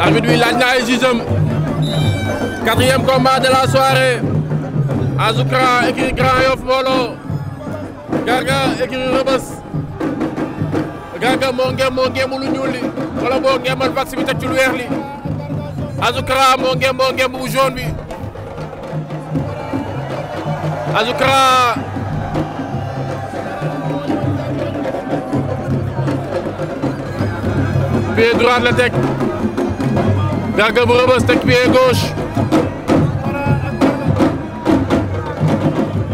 arbitre bi laaj na ay jugeem quatrième combat de la soirée Azoukra écurie Grand Yoff Mbolo Garga écurie Rebeuss Garga moo ngem moo lu ñuul li wala boo ngemal vax bi teg lu weex li Azoukra moo ngem bu jaune bi Azoukra pied droit la teg Garga bu Rebeus teg pied gauche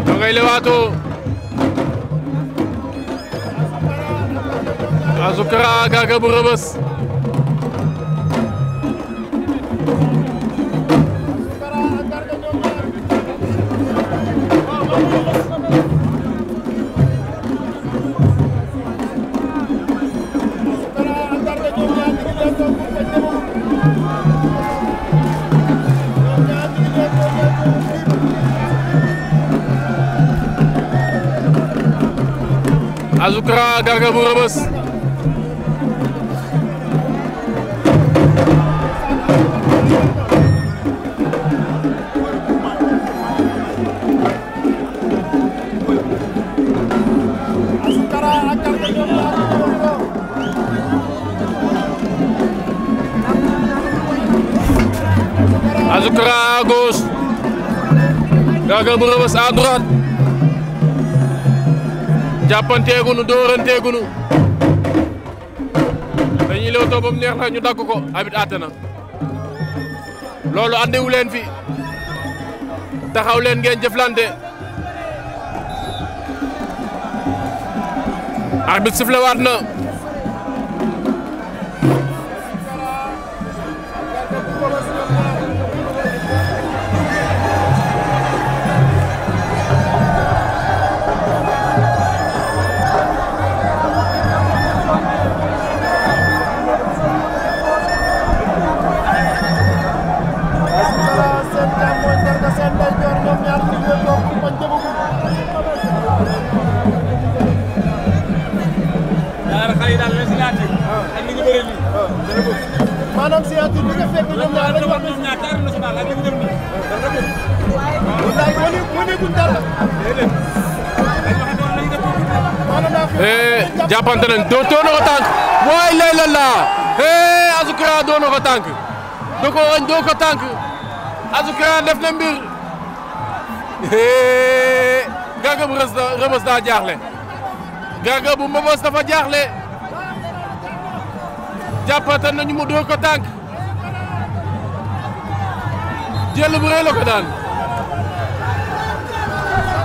ñoo ngay lewaatoo Azoukara Garga bu Rebeus Azoukra Garga bu Rebeuss Azoukra à gauche Garga bu Rebeuss à droite jàppanteegunu dóoranteegunu dañuy lewtoo ba mu neex na ñu dagg ko abit àtte na loolu andiwu leen fi taxaw leen ngeen jëflante arbitre sifflé waat na maanaam signature eh, nañ doo doo na tànk waay lay la laa eh, Azoukra doo na tànk da doo ko tànk Azoukra def na mbir eh, Garga rëbës daa jaaxle Garga bu dafa jaaxle jàppante nañu mu dóor ko tànk jël bu rëy la ko daan